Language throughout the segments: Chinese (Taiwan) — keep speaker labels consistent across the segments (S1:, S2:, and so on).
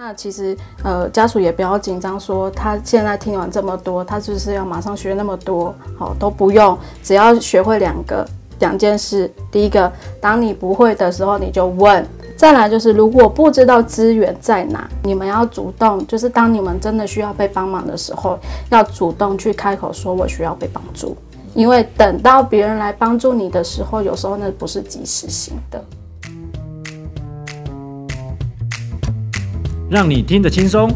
S1: 那其實，呃，家屬也不要緊張說，說他現在聽完這麼多，他就是要馬上學那麼多？好、哦，都不用，只要學會兩個兩件事。第一個，當你不會的時候，你就問；再來就是，如果不知道資源在哪，你們要主動，就是當你們真的需要被幫忙的時候，要主動去開口說“我需要被幫助”，因為等到別人來幫助你的時候，有時候那不是及時性的。
S2: 讓你聽得輕鬆，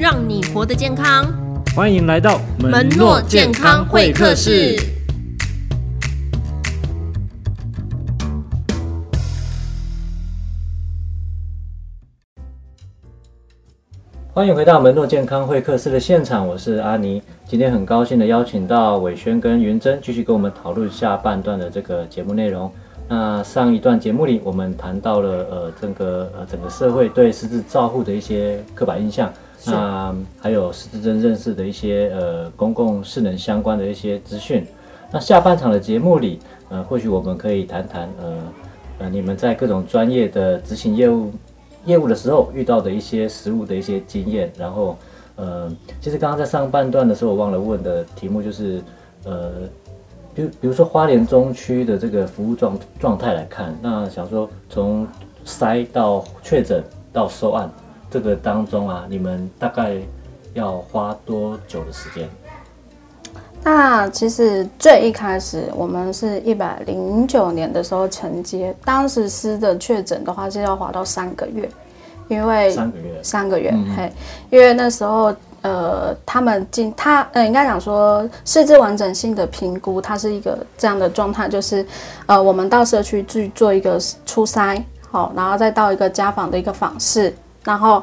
S3: 讓你活得健康。
S2: 歡迎來到門諾健
S3: 康會客室，室。
S2: 歡迎回到門諾健康會客室的現場，我是阿妮。今天很高興的邀請到瑋瑄跟筠錚，繼續跟我們討論下半段的這個節目內容。那上一段節目裡，我們談到了呃，整個呃整個社會對失智照護的一些刻板印象，那、呃、還有失智症認識的一些呃公共識能相關的一些資訊。那下半場的節目裡，呃，或許我們可以談談呃呃你們在各種專業的執行業務業務的時候遇到的一些實務的一些經驗。然後呃，其實剛剛在上半段的時候，我忘了問的題目就是呃。比如說花蓮中區的這個服務狀狀態來看，那想說從篩到確診到收案這個當中啊，你們大概要花多久的時間？
S1: 那其實最一開始我們是一百零九年的時候承接，當時司的確診的話是要花到三個月，因為三個月，三個月，嘿、嗯，因為那時候。呃，他們進他呃，應該講說，失智完整性的評估，它是一個這樣的狀態，就是，呃，我們到社區去做一個初篩，好、哦，然後再到一個家訪的一個訪視，然後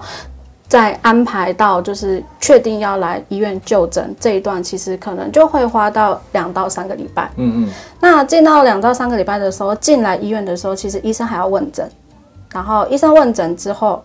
S1: 再安排到就是確定要來醫院就診這一段，其實可能就會花到兩到三個禮拜。嗯嗯。那進到兩到三個禮拜的時候，進來醫院的時候，其實醫生還要問診，然後醫生問診之後。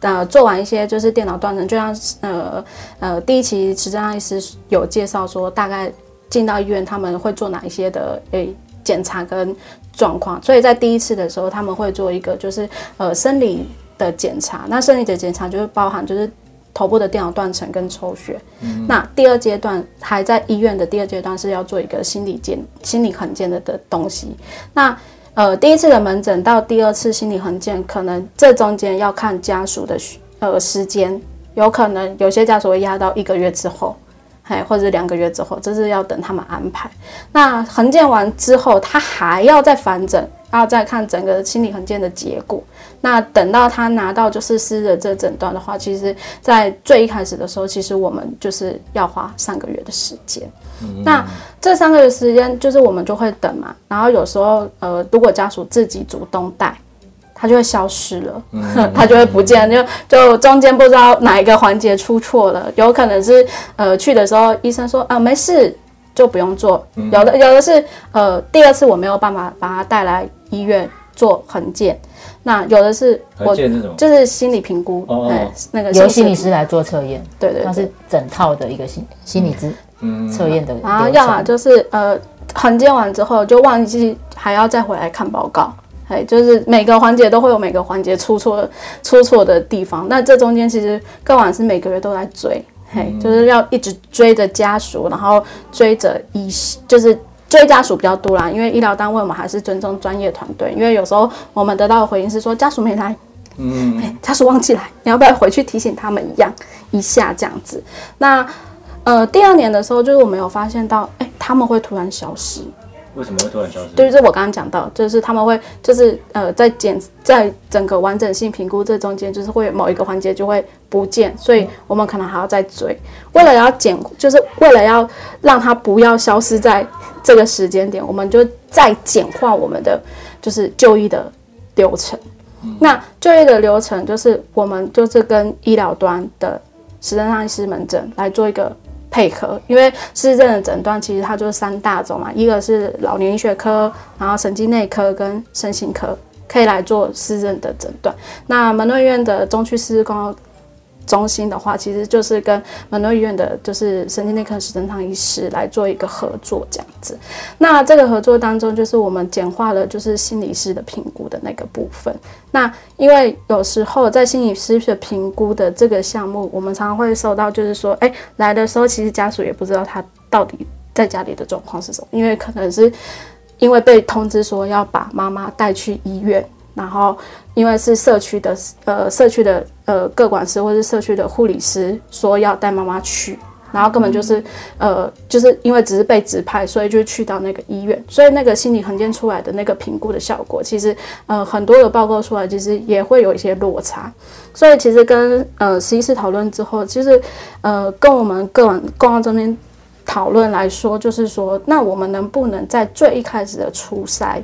S1: 呃，做完一些就是電腦斷層，就像呃呃第一期實際上醫師有介紹說，大概進到醫院他們會做哪一些的誒檢、欸、查跟狀況，所以在第一次的時候他們會做一個就是呃生理的檢查，那生理的檢查就是包含就是頭部的電腦斷層跟抽血，嗯、那第二階段還在醫院的第二階段是要做一個心理檢心理很檢的的東西，那。呃，第一次的門診到第二次心理衡鑑，可能這中間要看家屬的呃時間，有可能有些家屬會壓到一個月之後，還或者兩個月之後，這是要等他們安排。那衡鑑完之後，他還要再返診，然後再看整個心理衡鑑的結果。那等到他拿到就是失智的這診斷的話，其實，在最一開始的時候，其實我們就是要花三個月的時間。 那這三個月時間，就是我們就會等嘛。然後有時候，呃，如果家屬自己主動帶，他就會消失了， 他就會不見，就就中間不知道哪一個環節出錯了。有可能是呃去的時候醫生說啊、呃、沒事，就不用做。 有的有的是呃第二次我沒有辦法把他帶來醫院做衡鑑，那有的是我就是心理評估哦哦哦、欸，那個由心理師
S3: 來做測驗，對對、對、對，它是整套的一個心心理諮。嗯嗯，測驗的然後要麼就
S1: 是呃，銜接完之後就忘記還要再回來看報告，嘿，就是每個環節都會有每個環節出錯出錯的地方。那這中間其實更晚是每個月都在追，嘿，嗯、就是要一直追着家屬，然後追着醫，就是追家屬比較多啦。因為醫療單位我們還是尊重專業團隊，因為有時候我們得到的回應是說家屬沒來，嗯，欸、家屬忘記來，你要不要回去提醒他們一樣一下這樣子？那。呃，第二年的時候，就是我們有發現到，哎，他們會突然消失，為什麼會
S2: 突然消失？就
S1: 是我剛剛講到，就是他們會，就是呃，在檢，在整個完整性評估這中間，就是會某一個環節就會不見，所以我們可能還要再追，為了要減，就是為了要讓它不要消失在這個時間點，我們就再簡化我們的就是就醫的流程。嗯、那就醫的流程就是我們就是跟醫療端的失智症醫師門診來做一個。配合，因為失智的診斷其實它就是三大種嘛，一個是老年醫學科，然後神經內科跟身心科可以來做失智的診斷。那門諾院的中區失共，中心的話，其實就是跟門諾醫院的就是神經內科施振堂醫師來做一個合作，這樣子。那這個合作當中，就是我們簡化了就是心理師的評估的那個部分。那因為有時候在心理師的評估的這個項目，我們常常會收到就是說，哎，來的時候其實家屬也不知道他到底在家裡的狀況是什麼，因為可能是因為被通知說要把媽媽帶去醫院。然後，因為是社區的呃社區的呃個管師或是社區的護理師說要帶媽媽去，然後根本就是、嗯、呃就是因為只是被指派，所以就去到那個醫院，所以那個心理衡鑑出來的那個評估的效果，其實呃很多的報告出來其實也會有一些落差，所以其實跟呃十一室討論之後，其實呃跟我們個管個管中間討論來說，就是說那我們能不能在最一開始的初篩。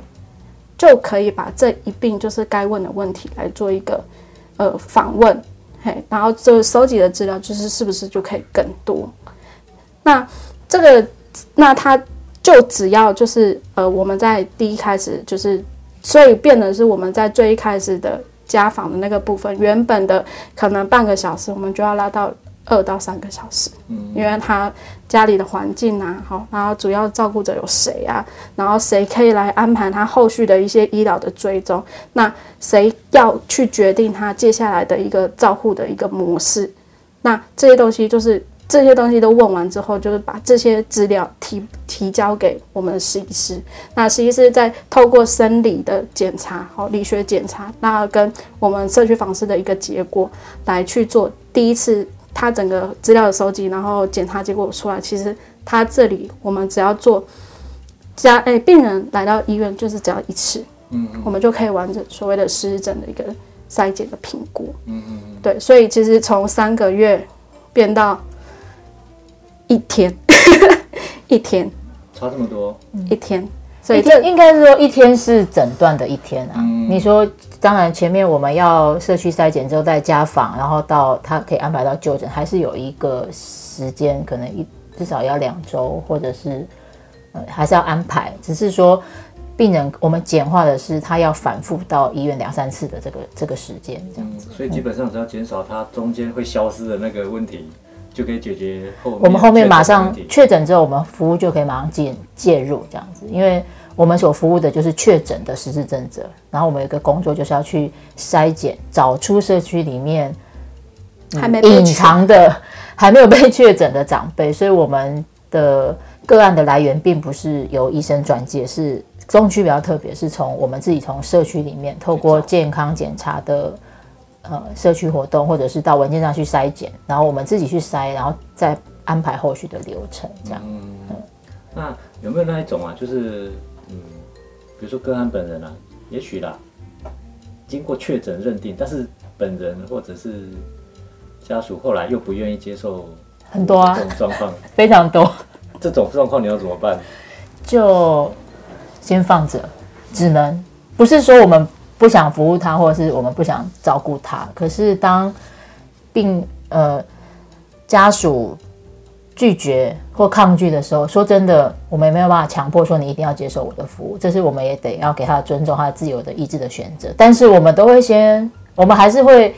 S1: 就可以把這一併就是該問的問題來做一個，呃，訪問，嘿，然後就收集的資料就是是不是就可以更多？那這個那他就只要就是呃我們在第一開始就是所以變成是我們在最一開始的家訪的那個部分，原本的可能半個小時我們就要拉到。二到三個小時，因為他家裡的環境吶，好，然後主要照顧者有誰啊？然後誰可以來安排他後續的一些醫療的追蹤？那誰要去決定他接下來的一個照護的一個模式？那這些東西就是這些東西都問完之後，就是把這些資料提提交給我們的醫師。那醫師再透過生理的檢查，好，理學檢查，那跟我們社區訪視的一個結果來去做第一次。他整個資料的收集，然後檢查結果出來，其實他這裡我們只要做加哎，病人來到醫院就是只要一次，嗯，嗯，我們就可以完成所謂的失智的一個篩檢的評估，嗯嗯、嗯對，所以其實從三個月變到
S3: 一天，呵呵一天，差這麼多，一天，所以就應該是說一天是診斷的一天啊，嗯、你說。當然，前面我們要社區篩檢之後再家訪，然後到他可以安排到就診，還是有一個時間，可能一至少要兩週，或者是呃、嗯、還是要安排。只是說病人我們簡化的是他要反復到醫院兩三次的這個這個時間這樣子，嗯。所以基
S2: 本上只要減少他中間會消失的那個問題，嗯，就可以解決後面確診的問題。我們後面馬上確
S3: 診之後，我們服務就可以馬上進介入這樣子，因為。我們所服務的就是確診的失智症者，然後我們有一個工作就是要去篩檢，找出社區裡面隱藏的還沒有被確診的長輩，所以我們的個案的來源並不是由醫生轉介，是中區比較特別，是從我們自己從社區裡面透過健康檢查的呃社區活動，或者是到文健站去篩檢，然後我們自己去篩，然後再安排後續的流程，這樣嗯嗯。
S2: 那有沒有那一種啊？就是比如說，個案本人啊，也許啦，經過確診認定，但是本人或者是家屬後來又不願意接受
S3: 很多啊這種狀況很多，啊，非常多。
S2: 這種狀況你要怎麼辦？
S3: 就先放着，只能不是說我們不想服務他，或者是我們不想照顧他，可是當病，呃，家屬。拒絕或抗拒的時候，說真的，我們也沒有辦法強迫說你一定要接受我的服務，這是我們也得要給他尊重，他自由的意志的選擇。但是我們都會先，我們還是會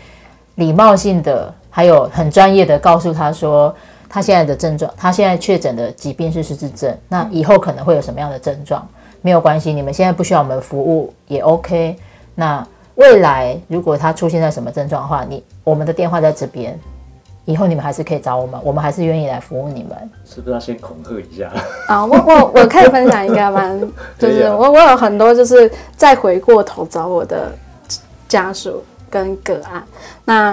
S3: 禮貌性的，還有很專業的告訴他說，他現在的症狀，他現在確診的疾病是失智症，那以後可能會有什麼樣的症狀，沒有關係，你們現在不需要我們服務也 OK。那未來如果他出現在什麼症狀的話，你我們的電話在這邊。以後你們還是可以找我們，我們還是願意來服務你們。
S2: 是不是要先
S3: 恐嚇一下？啊、oh，我我我可以分享一個嗎？ 就是 我我有很多就是再回過
S1: 頭找我的家屬跟個案。那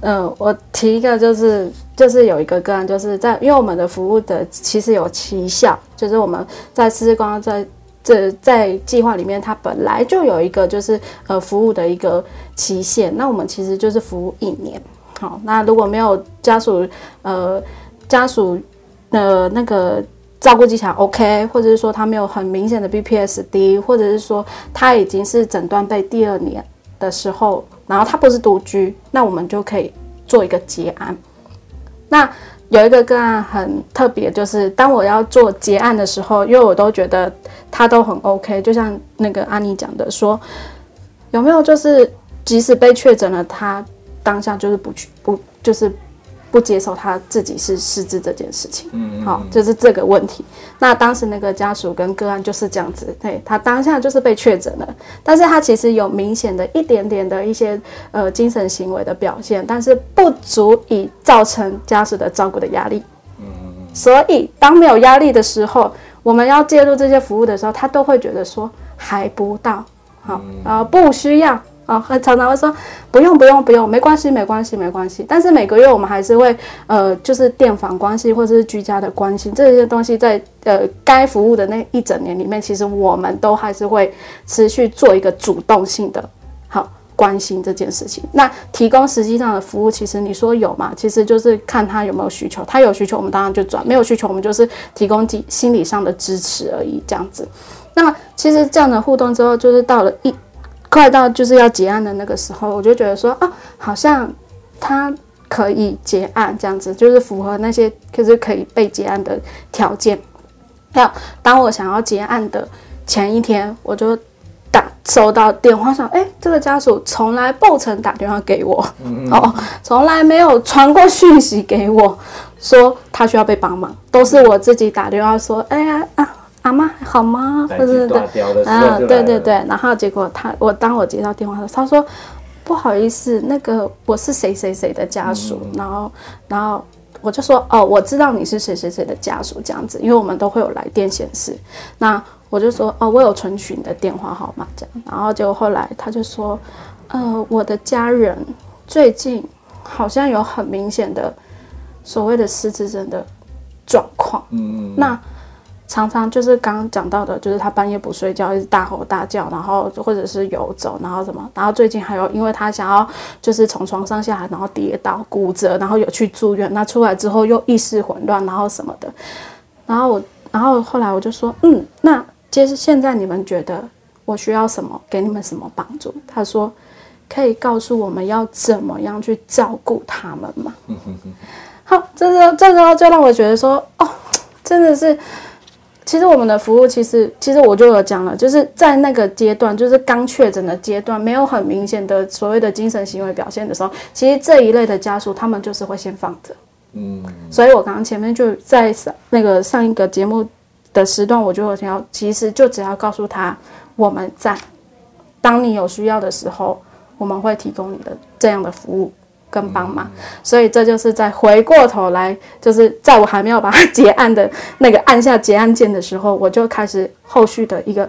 S1: 嗯、呃，我提一個就是就是有一個個案就是在因為我們的服務的其實有期限，就是我們在時光在這在計劃裡面它本來就有一個就是呃服務的一個期限。那我們其實就是服務一年。那如果沒有家屬，呃，家屬的那個照顧技巧 OK，或者是說他沒有很明顯的 BPSD，或者是說他已經是診斷被第二年的時候，然後他不是獨居，那我們就可以做一個結案。那有一個個案很特別，就是當我要做結案的時候，因為我都覺得他都很 OK，就像那個安妮講的說，有沒有就是即使被確診了他。當下就是不去不就是不接受他自己是失智這件事情，好、嗯嗯嗯、哦，就是這個問題。那當時那個家屬跟個案就是這樣子，對，他當下就是被確診了，但是他其實有明顯的一點點的一些呃精神行為的表現，但是不足以造成家屬的照顧的壓力。嗯，嗯。所以當沒有壓力的時候，我們要介入這些服務的時候，他都會覺得說還不到，好、哦、啊、呃，不需要。啊、哦，很常常會說不用不用不用，沒關係沒關係沒關係。但是每個月我們還是會，呃，就是電訪關係或者是居家的關心這些東西在，在呃該服務的那一整年裡面，其實我們都還是會持續做一個主動性的好關心這件事情。那提供實際上的服務，其實你說有嘛？其實就是看他有沒有需求，他有需求我們當然就轉，沒有需求我們就是提供心理上的支持而已這樣子。那麼其實這樣的互動之後，就是到了一。快到就是要結案的那個時候，我就覺得說，啊，好像他可以結案這樣子，就是符合那些就是可以被結案的條件。還有，當我想要結案的前一天，我就打收到電話上，哎、欸，這個家屬從來不曾打電話給我，嗯嗯哦，從來沒有傳過訊息給我，說他需要被幫忙，都是我自己打電話說，哎、欸、呀啊。好、啊、嗎？好嗎？對對對，對對對。然後結果他，我當我接到電話的，他說不好意思，那個我是誰誰誰的家屬。嗯、然後，然後我就說哦，我知道你是誰誰誰的家屬這樣子，因為我們都會有來電顯示。那我就說哦，我有存取你的電話號碼這樣。然後結果後來他就說，呃，我的家人最近好像有很明顯的所謂的失智症的狀況。嗯嗯。那常常就是剛剛講到的，就是他半夜不睡覺，一直大吼大叫，然後或者是遊走，然後什麼，然後最近還有，因為他想要就是從床上下來，然後跌倒骨折，然後有去住院，那出來之後又意識混亂，然後什麼的。然後我，然後後來我就說，嗯，那接著現在你們覺得我需要什麼，給你們什麼幫助？他說，可以告訴我們要怎麼樣去照顧他們嗎？ 好，這個這個就讓我覺得說，哦，真的是。其實我們的服務，其實其實我就有講了，就是在那個階段，就是剛確診的階段，沒有很明顯的所謂的精神行為表現的時候，其實這一類的家屬，他們就是會先放着。嗯，所以我剛剛前面就在上那個上一個節目的時段，我就想要，其實就只要告訴他，我們在當你有需要的時候，我們會提供你的這樣的服務。跟幫忙，所以這就是在回過頭來，就是在我還沒有把它結案的那個按下結案鍵的時候，我就開始後續的一個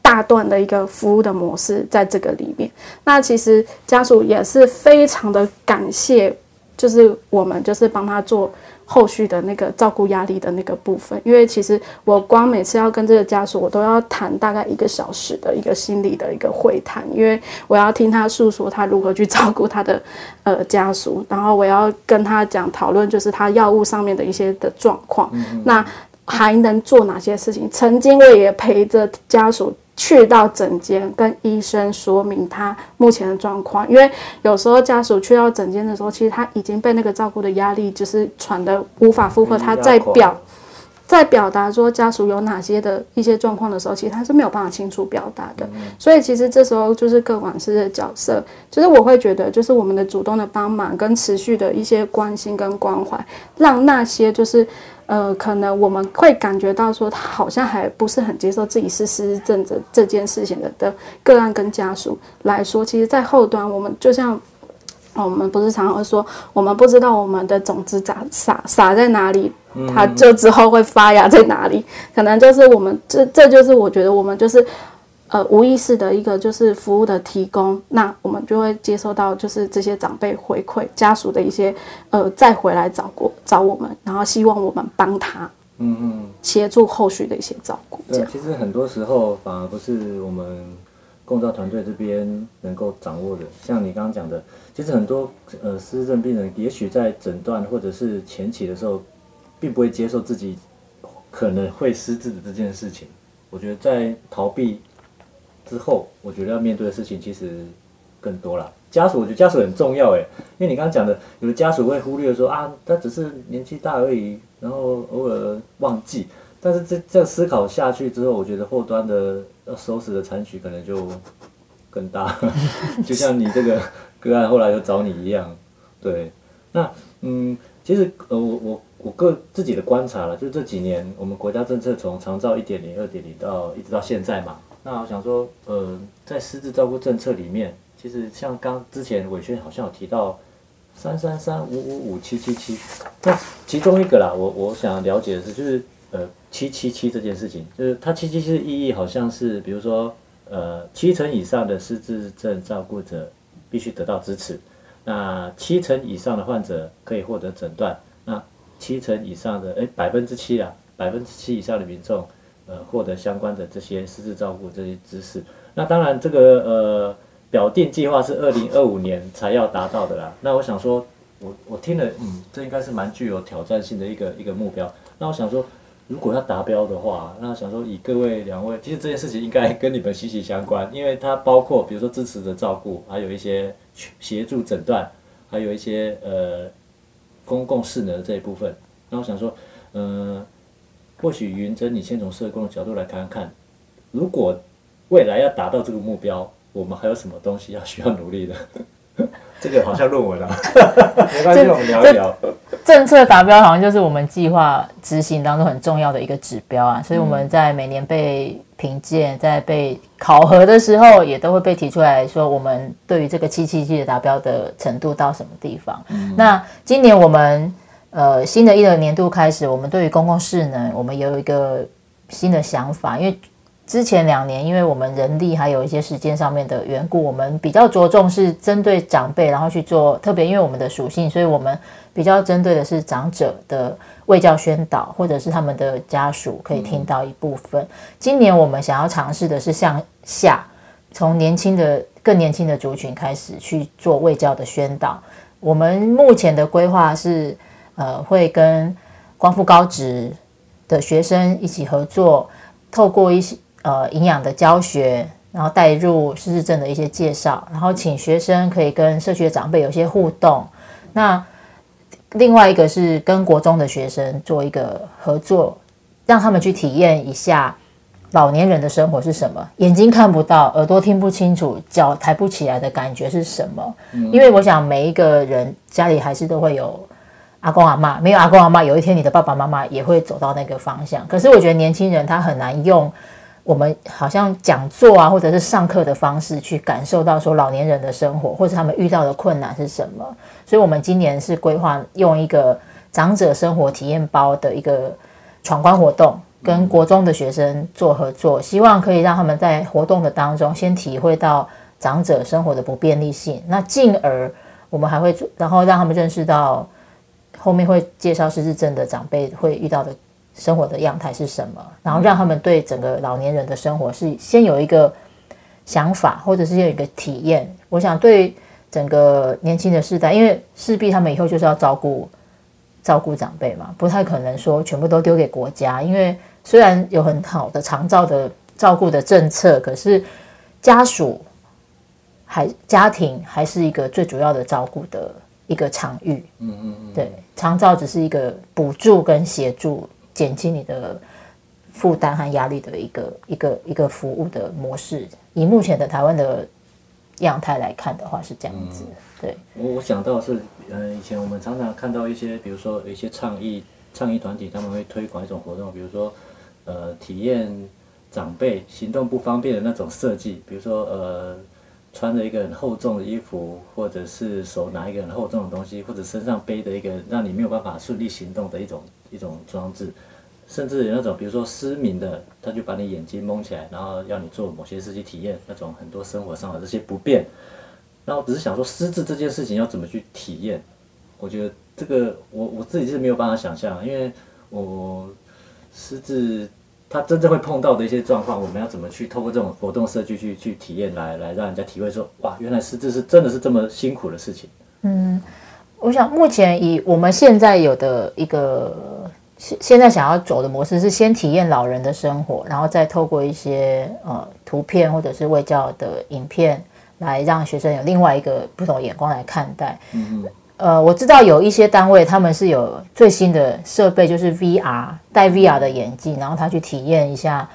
S1: 大段的一個服務的模式在這個裡面。那其實家屬也是非常的感謝，就是我們就是幫他做。後續的那個照顧壓力的那個部分，因為其實我光每次要跟這個家屬，我都要談大概一個小時的一個心理的一個會談，因為我要聽他訴說他如何去照顧他的呃家屬，然後我要跟他講討論就是他藥物上面的一些的狀況，嗯，那還能做哪些事情？曾經我也陪着家屬。去到診間跟醫生說明他目前的狀況，因為有時候家屬去到診間的時候，其實他已經被那個照顧的壓力就是喘得無法負荷，嗯，他在表在表達說家屬有哪些的一些狀況的時候，其實他是沒有辦法清楚表達的。嗯嗯，所以其實這時候就是個管師的角色，就是我會覺得就是我們的主動的幫忙跟持續的一些關心跟關懷，讓那些就是。呃，可能我們會感覺到說，他好像還不是很接受自己是失智症這件事情的的個案跟家屬來說，其實，在後端，我們就像我們不是常常說，我們不知道我們的種子咋撒撒在哪裡，
S3: 它就之
S1: 後會發芽在哪裡？可能就是我們這，這就是我覺得我們就是。呃，無意識的一個就是服務的提供，那我們就會接受到，就是這些長輩回饋家屬的一些呃，再回來找過找我們，然後希望我們幫他，嗯嗯，協助後續的一些照顧。
S2: 對、嗯嗯，其實很多時候反而不是我們共照團隊這邊能夠掌握的。像你剛剛講的，其實很多呃失智症病人，也許在診斷或者是前期的時候，並不會接受自己可能會失智的這件事情。我覺得在逃避。之後，我覺得要面對的事情其實更多了。家屬，我覺得家屬很重要、欸，誒，因為你剛剛講的，有的家屬會忽略說啊，他只是年紀大而已，然後偶爾忘記。但是這這樣思考下去之後，我覺得後端的要收拾的殘局可能就更大。 就像你這個個案後來又找你一樣。對，那嗯，其實呃，我我我個自己的觀察了，就這幾年我們國家政策從長照一點零、二點零到一直到現在嘛。那我想說，呃，在失智照顧政策裡面，其實像剛之前瑋瑄好像有提到，三三三五五五七七七，那其中一個啦，我我想了解的是，就是呃七七七這件事情，就是它七七七的意義好像是，比如說，呃，七成以上的失智症照顧者必須得到支持，那七成以上的患者可以獲得診斷，那七成以上的哎百分之七啊，百分之七以上的民眾。呃，獲得相關的這些失智照顧這些知識，那當然這個呃，表定計劃是二零二五年才要達到的啦。那我想說，我我聽了，嗯，這應該是蠻具有挑戰性的一個一個目標。那我想說，如果要達標的話，那我想說以各位兩位，其實這件事情應該跟你們息息相關，因為它包括比如說支持的照顧，還有一些協助診斷，還有一些呃公共識能這一部分。那我想說，嗯、呃。或許，筠錚，你先從社工的角度來看看，如果未來要達到這個目標，我們還有什麼東西要需要努力的？ 這個好像論文啊， 沒關係係，我們
S3: 聊一聊。政策達標好像就是我們計劃執行當中很重要的一個指標啊，嗯、所以我們在每年被評鑑、在被考核的時候，也都會被提出來說，我們對於這個七七七的達標的程度到什麼地方？嗯、那今年我們。呃，新的一輪年度開始，我們對於公共事呢，我們也有一個新的想法。因為之前兩年，因為我們人力還有一些時間上面的緣故，我們比較着重是針對長輩，然後去做特別，因為我們的屬性，所以我們比較針對的是長者的衛教宣導，或者是他們的家屬可以聽到一部分，嗯。今年我們想要嘗試的是向下，從年輕的更年輕的族群開始去做衛教的宣導。我們目前的規劃是。呃，會跟光復高職的學生一起合作，透過一些呃營養的教學，然後帶入失智症的一些介紹，然後請學生可以跟社區的長輩有些互動。那另外一個是跟國中的學生做一個合作，讓他們去體驗一下老年人的生活是什麼：眼睛看不到，耳朵聽不清楚，腳抬不起來的感覺是什麼？嗯、因為我想每一個人家裡還是都會有阿公阿嬤，沒有阿公阿嬤，有一天你的爸爸媽媽也會走到那個方向。可是我覺得年輕人他很難用我們好像講座啊，或者是上課的方式去感受到說，老年人的生活或者他們遇到的困難是什麼？所以，我們今年是規劃用一個長者生活體驗包的一個闖關活動，跟國中的學生做合作，希望可以讓他們在活動的當中先體會到長者生活的不便利性。那進而我們還會然後讓他們認識到。後面會介紹是失智的長輩會遇到的生活的樣態是什麼，然後讓他們對整個老年人的生活是先有一個想法，或者是先有一個體驗。我想對整個年輕的世代，因為勢必他們以後就是要照顧照顧長輩嘛，不太可能說全部都丟給國家。因為雖然有很好的長照的照顧的政策，可是家屬還家庭還是一個最主要的照顧的。一個場域，嗯嗯嗯，對，長照只是一個補助跟協助減輕你的負擔和壓力的一個一個一個服務的模式，以目前的台灣的樣態來看的話，是這樣子。嗯、
S2: 對我我想到是，嗯、呃，以前我們常常看到一些，比如說一些倡議倡議團體，他們會推廣一種活動，比如說，呃，體驗長輩行動不方便的那種設計，比如說，呃，穿着一個很厚重的衣服，或者是手拿一個很厚重的東西，或者身上背着一個讓你沒有辦法順利行動的一種一種裝置，甚至有那種，比如說失明的，他就把你眼睛蒙起來，然後要你做某些事情，體驗那種很多生活上的這些不便。然後只是想說失智這件事情要怎麼去體驗，我覺得這個我我自己是沒有辦法想象，因為我失智。私自他真正會碰到的一些狀況，我們要怎麼去透過這種活動設計去去體驗來，來來讓人家體會說，哇，原來失智是真的是這麼辛苦的事情。
S3: 嗯，我想目前以我們現在有的一個現現在想要走的模式是，先體驗老人的生活，然後再透過一些呃圖片或者是衛教的影片，來讓學生有另外一個不同的眼光來看待。嗯。嗯呃，我知道有一些單位，他們是有最新的設備，就是 VR 戴 VR 的眼鏡，然後他去體驗一下，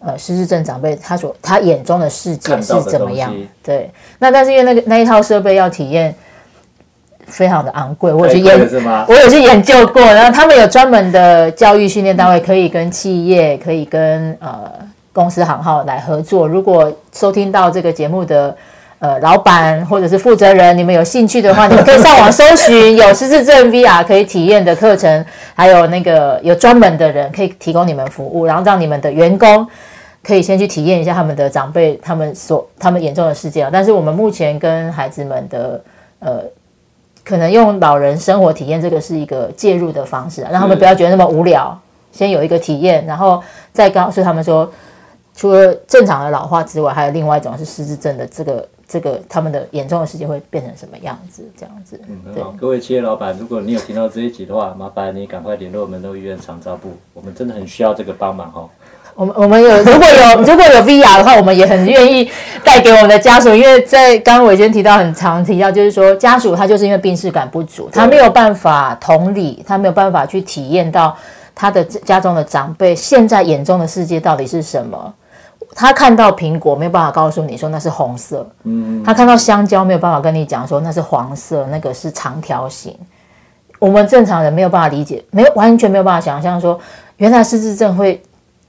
S3: 呃，失智症長輩他所他眼中的世界是怎麼樣？對，那但是因為那個那一套設備要體驗非常的昂貴，我也是我也是研究過，然後他們有專門的教育訓練單位，可以跟企業，可以跟呃公司行號來合作。如果收聽到這個節目的。呃，老闆或者是負責人，你們有興趣的話，你們可以上網搜尋 有失智症 VR 可以體驗的課程，還有那個有專門的人可以提供你們服務，然後讓你們的員工可以先去體驗一下他們的長輩他們所他們眼中的世界。但是我們目前跟孩子們的呃，可能用老人生活體驗這個是一個介入的方式，讓他們不要覺得那麼無聊，先有一個體驗，然後再告訴他們說，除了正常的老化之外，還有另外一種是失智症的這個。這個他們的眼中的世界會變成什麼樣子？這樣子，嗯，
S2: 嗯，好，各位企業老板，如果你有聽到這一集的話，麻煩你趕快聯絡門諾醫院長照部，我們真的很需要這個幫忙、哦、我
S3: 們我們有如果有 如果有 VR 的話，我們也很願意帶給我們的家屬，因為在剛剛我已經提到很常提到，就是說家屬他就是因為病識感不足，他沒有辦法同理，他沒有辦法去體驗到他的家中的長輩現在眼中的世界到底是什麼。他看到蘋果沒有辦法告訴你說那是紅色，嗯，嗯，他看到香蕉沒有辦法跟你講說那是黃色，那個是長條形。我們正常人沒有辦法理解，沒有完全沒有辦法想象說原來失智症會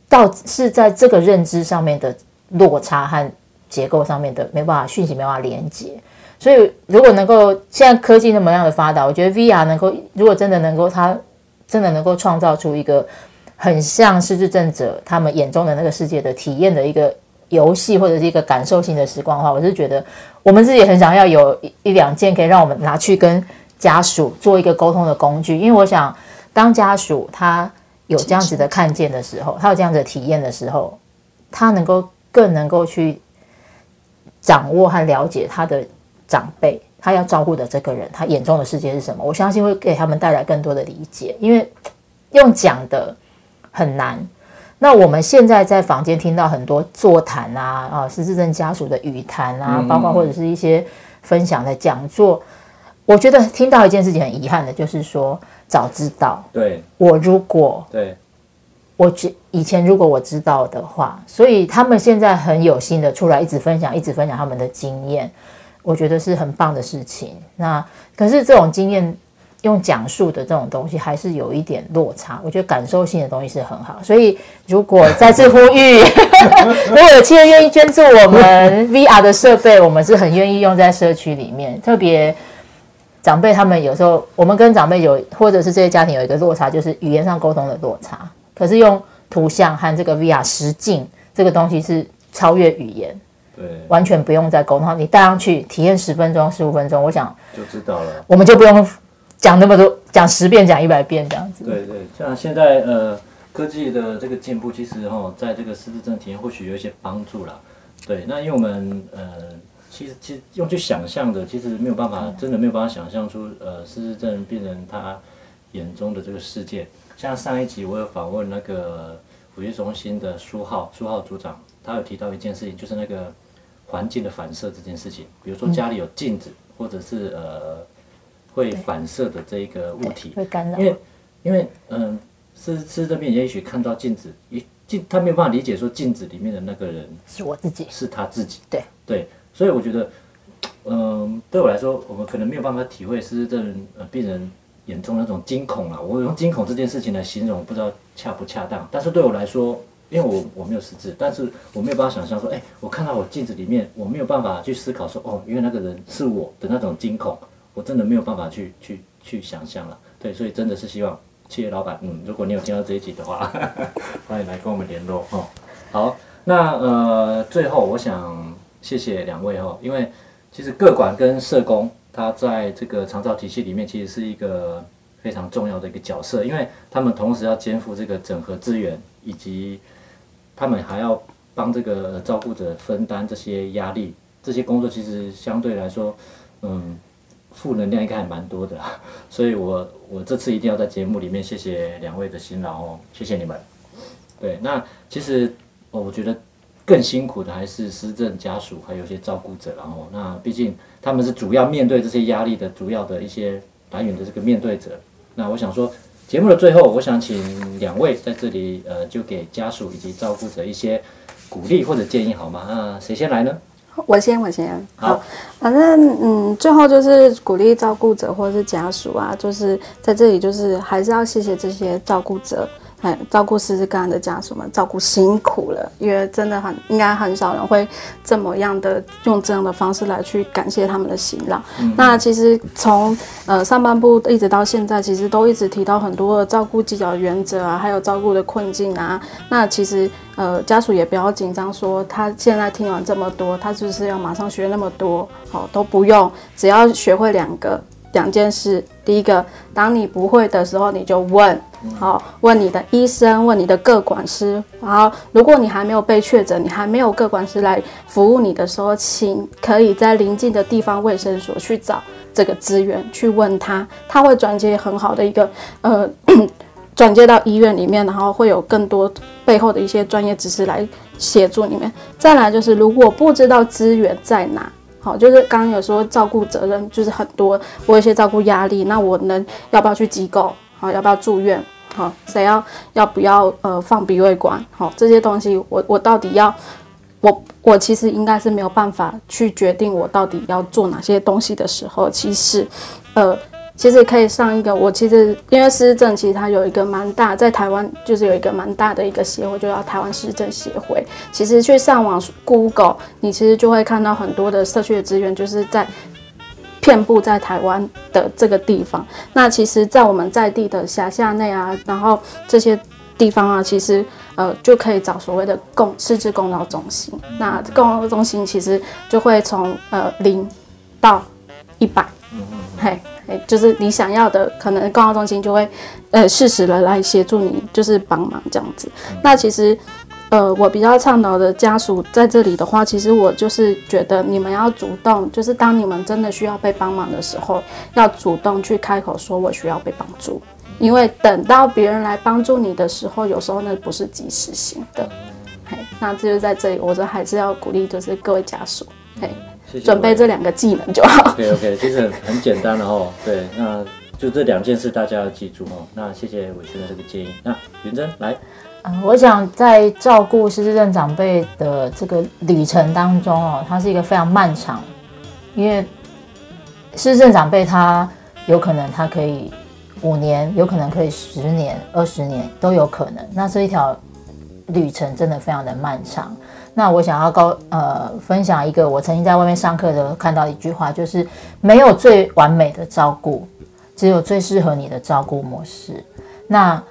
S3: 到是在這個認知上面的落差和結構上面的沒辦法訊息沒辦法連接。所以如果能夠現在科技那麼樣的發達，我覺得 VR 能夠如果真的能夠，他真的能夠創造出一個。很像是失智症者，他們眼中的那個世界的體驗的一個遊戲或者是一個感受性的時光的話，我是覺得我們自己也很想要有一一兩件可以讓我們拿去跟家屬做一個溝通的工具，因為我想當家屬他有這樣子的看見的時候，他有這樣子的體驗的時候，他能夠更能夠去掌握和了解他的長輩，他要照顧的這個人，他眼中的世界是什麼？我相信會給他們帶來更多的理解，因為用講的。很難。那我們現在在房間聽到很多座談啊，啊，失智症家屬的語談啊，包括或者是一些分享的講座。嗯，我覺得聽到一件事情很遺憾的，就是說早知道，
S2: 對，
S3: 我如果對，我以前如果我知道的話，所以他們現在很有心的出來一直分享，一直分享他們的經驗，我覺得是很棒的事情。那可是這種經驗。用講述的這種東西還是有一點落差，我覺得感受性的東西是很好。所以如果再次呼籲，如 果 有親人願意捐助我們 VR 的設備，我們是很願意用在社區裡面。特別長輩他們有時候，我們跟長輩有，或者是這些家庭有一個落差，就是語言上溝通的落差。可是用圖像和這個 VR 實境這個東西是超越語言，對，完全不用再溝通。你戴上去體驗十分鐘、十五分鐘，我想就知道了。我們就不用。講那麼多，講十遍，講一百遍這樣子。對對，
S2: 像現在呃，科技的這個進步，其實哈、哦，在這個失智症體驗或許有一些幫助啦。對，那因為我們呃，其實其實用去想象的，其實沒有辦法，真的沒有辦法想象出呃，失智症病人他眼中的這個世界。像上一集我有訪問那個撫育中心的蘇浩，蘇浩組長，他有提到一件事情，就是那個環境的反射這件事情，比如說家裡有鏡子，嗯、或者是呃。會反射的這一個物體，會干擾，因為因為嗯，失智、呃、失智這邊也許看到鏡子，鏡他沒有辦法理解說鏡子裡面的那個人是，自是我自己，是他自己，對對，所以我覺得，嗯、呃，對我來說，我們可能沒有辦法體會失智症病人眼中那種驚恐啊。我用驚恐這件事情來形容，不知道恰不恰當。但是對我來說，因為我我沒有失智，但是我沒有辦法想象說，哎、欸，我看到我鏡子裡面，我沒有辦法去思考說，哦，因為那個人是我的那種驚恐。我真的沒有辦法去去去想象了，對，所以真的是希望企業老闆，嗯，如果你有聽到這一集的話，歡迎來跟我們聯絡哦。好，那呃，最後我想謝謝兩位哦，因為其實個管跟社工，他在這個長照體系裡面其實是一個非常重要的一個角色，因為他們同時要肩負這個整合資源，以及他們還要幫這個照顧者分擔這些壓力，這些工作其實相對來說，嗯。負能量應該還蠻多的、啊，所以我我這次一定要在節目裡面謝謝兩位的辛勞哦，謝謝你們。對，那其實我覺得更辛苦的還是施政家屬失智，還有一些照顧者、啊哦，然後那畢竟他們是主要面對這些壓力的主要的一些來源的這個面對者。那我想說，節目的最後，我想請兩位在這裡呃，就給家屬以及照顧者一些鼓勵或者建議好嗎？那誰先來呢？
S1: 我先，我先。好，好，反正嗯，最後就是鼓勵照顧者或者是家屬啊，就是在這裡，就是還是要謝謝這些照顧者。哎，照顧失智症的家屬們，照顧辛苦了，因為真的很應該很少人會這麼樣的用這樣的方式來去感謝他們的辛勞，嗯。那其實從呃上半部一直到現在，其實都一直提到很多的照顧技巧原則啊，還有照顧的困境啊。那其實呃家屬也不要緊張說，說他現在聽完這麼多，他就是要馬上學那麼多，好，哦，都不用，只要學會兩個。兩件事，第一個，當你不會的時候，你就問，好、哦，問你的醫生，問你的個管師。然後，如果你還沒有被確診，你還沒有個管師來服務你的時候，請可以在鄰近的地方衛生所去找這個資源，去問他，他會轉接很好的一個，呃，轉接到醫院裡面，然後會有更多背後的一些專業知識來協助你們。再來就是，如果不知道資源在哪。好，就是剛剛有說照顧責任，就是很多，我有一些照顧壓力，那我能要不要去機構？好，要不要住院？好，誰要要不要呃放鼻胃管？好，這些東西我我到底要，我我其實應該是沒有辦法去決定我到底要做哪些東西的時候，其實，呃。其實可以上一個，我其實因為失智，其實它有一個蠻大，在台灣就是有一個蠻大的一個協會，就叫台灣失智症協會。其實去上網 Google，你其實就會看到很多的社區的資源，就是在遍布在台灣的這個地方。那其實，在我們在地的轄下內啊，然後這些地方啊，其實呃就可以找所謂的共，失智共照中心。那共照中心其實就會從呃零到一百、嗯，嘿。就是你想要的，可能共照中心就會，呃，適時的來協助你，就是幫忙這樣子。那其實，呃，我比較倡導的家屬在這裡的話，其實我就是覺得你們要主動，就是當你們真的需要被幫忙的時候，要主動去開口說我需要被幫助。因為等到別人來幫助你的時候，有時候那不是及時性的。嘿，那這就在這裡，我這還是要鼓勵，就是各位家屬，謝謝準備這兩個技能就好。 OK
S2: OK，其實很很簡單的哦。對，那就這兩件事大家要記住哦。那謝謝瑋瑄的這個建議。那筠錚來，
S3: 嗯，我想在照顧失智症長輩的這個旅程當中哦，它是一個非常漫長，因為失智症長輩他有可能他可以五年，有可能可以十年、二十年都有可能。那這一條旅程真的非常的漫長。那我想要告呃分享一個我曾經在外面上課的時候看到一句話，就是沒有最完美的照顧，只有最適合你的照顧模式。那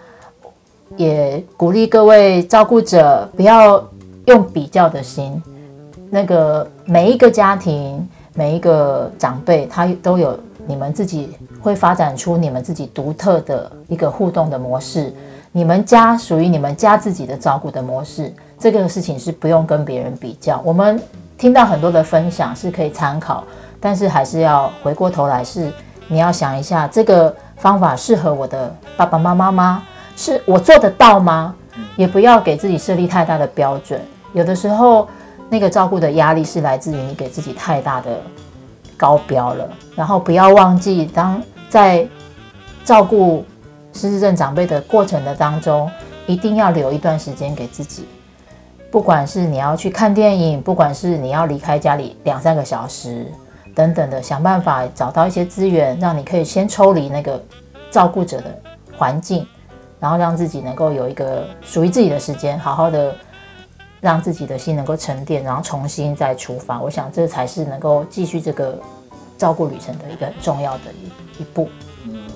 S3: 也鼓勵各位照顧者不要用比較的心，那個每一個家庭，每一個長輩，他都有你們自己會發展出你們自己獨特的一個互動的模式，你們家屬於你們家自己的照顧的模式。這個事情是不用跟別人比較，我們聽到很多的分享是可以參考，但是還是要回過頭來是，是你要想一下這個方法適合我的爸爸媽媽嗎？是我做得到嗎？也不要給自己設立太大的標準，有的時候那個照顧的壓力是來自於你給自己太大的高標了。然後不要忘記，當在照顧失智症長輩的過程的當中，一定要留一段時間給自己。不管是你要去看電影，不管是你要離開家裡兩三個小時，等等的，想辦法找到一些資源，讓你可以先抽離那個照顧者的環境，然後讓自己能夠有一個屬於自己的時間，好好的讓自己的心能夠沉澱，然後重新再出發。我想這才是能夠繼續這個照顧旅程的一個很重要的一一步。嗯，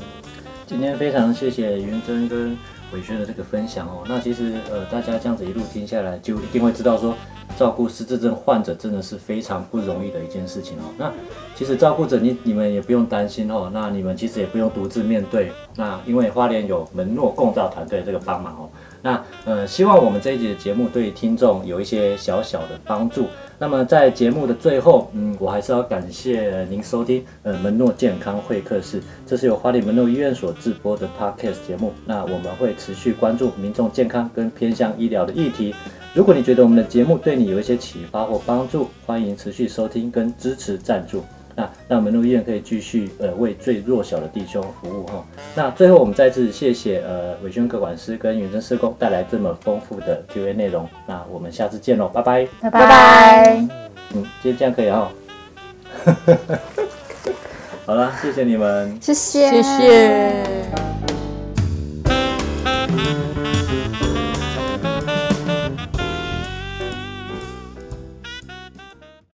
S3: 今
S2: 天非常謝謝筠錚跟。瑋瑄的這個分享哦，那其實呃，大家這樣子一路聽下來，就一定會知道說，照顧失智症患者真的是非常不容易的一件事情哦。那其實照顧者你你們也不用擔心哦，那你們其實也不用獨自面對，那因為花蓮有門諾共照團隊這個幫忙哦。那呃，希望我們這一集的節目對聽眾有一些小小的幫助。那麼在節目的最後，嗯，我還是要感謝您收聽，嗯、呃，門諾健康會客室，這是由花蓮門諾醫院所製播的 podcast 節目。那我們會持續關注民眾健康跟偏鄉醫療的議題。如果你覺得我們的節目對你有一些啟發或幫助，歡迎持續收聽跟支持贊助。那，那門諾醫院可以繼續呃為最弱小的弟兄服務哈。那最後我們再次謝謝呃瑋瑄個管師跟筠錚社工帶來這麼豐富的 Q&A 內容。那我們下次見嘍，拜拜，
S3: 拜拜。嗯，今
S2: 天這樣可以哈 好啦，謝謝你們，
S3: 謝謝，謝謝。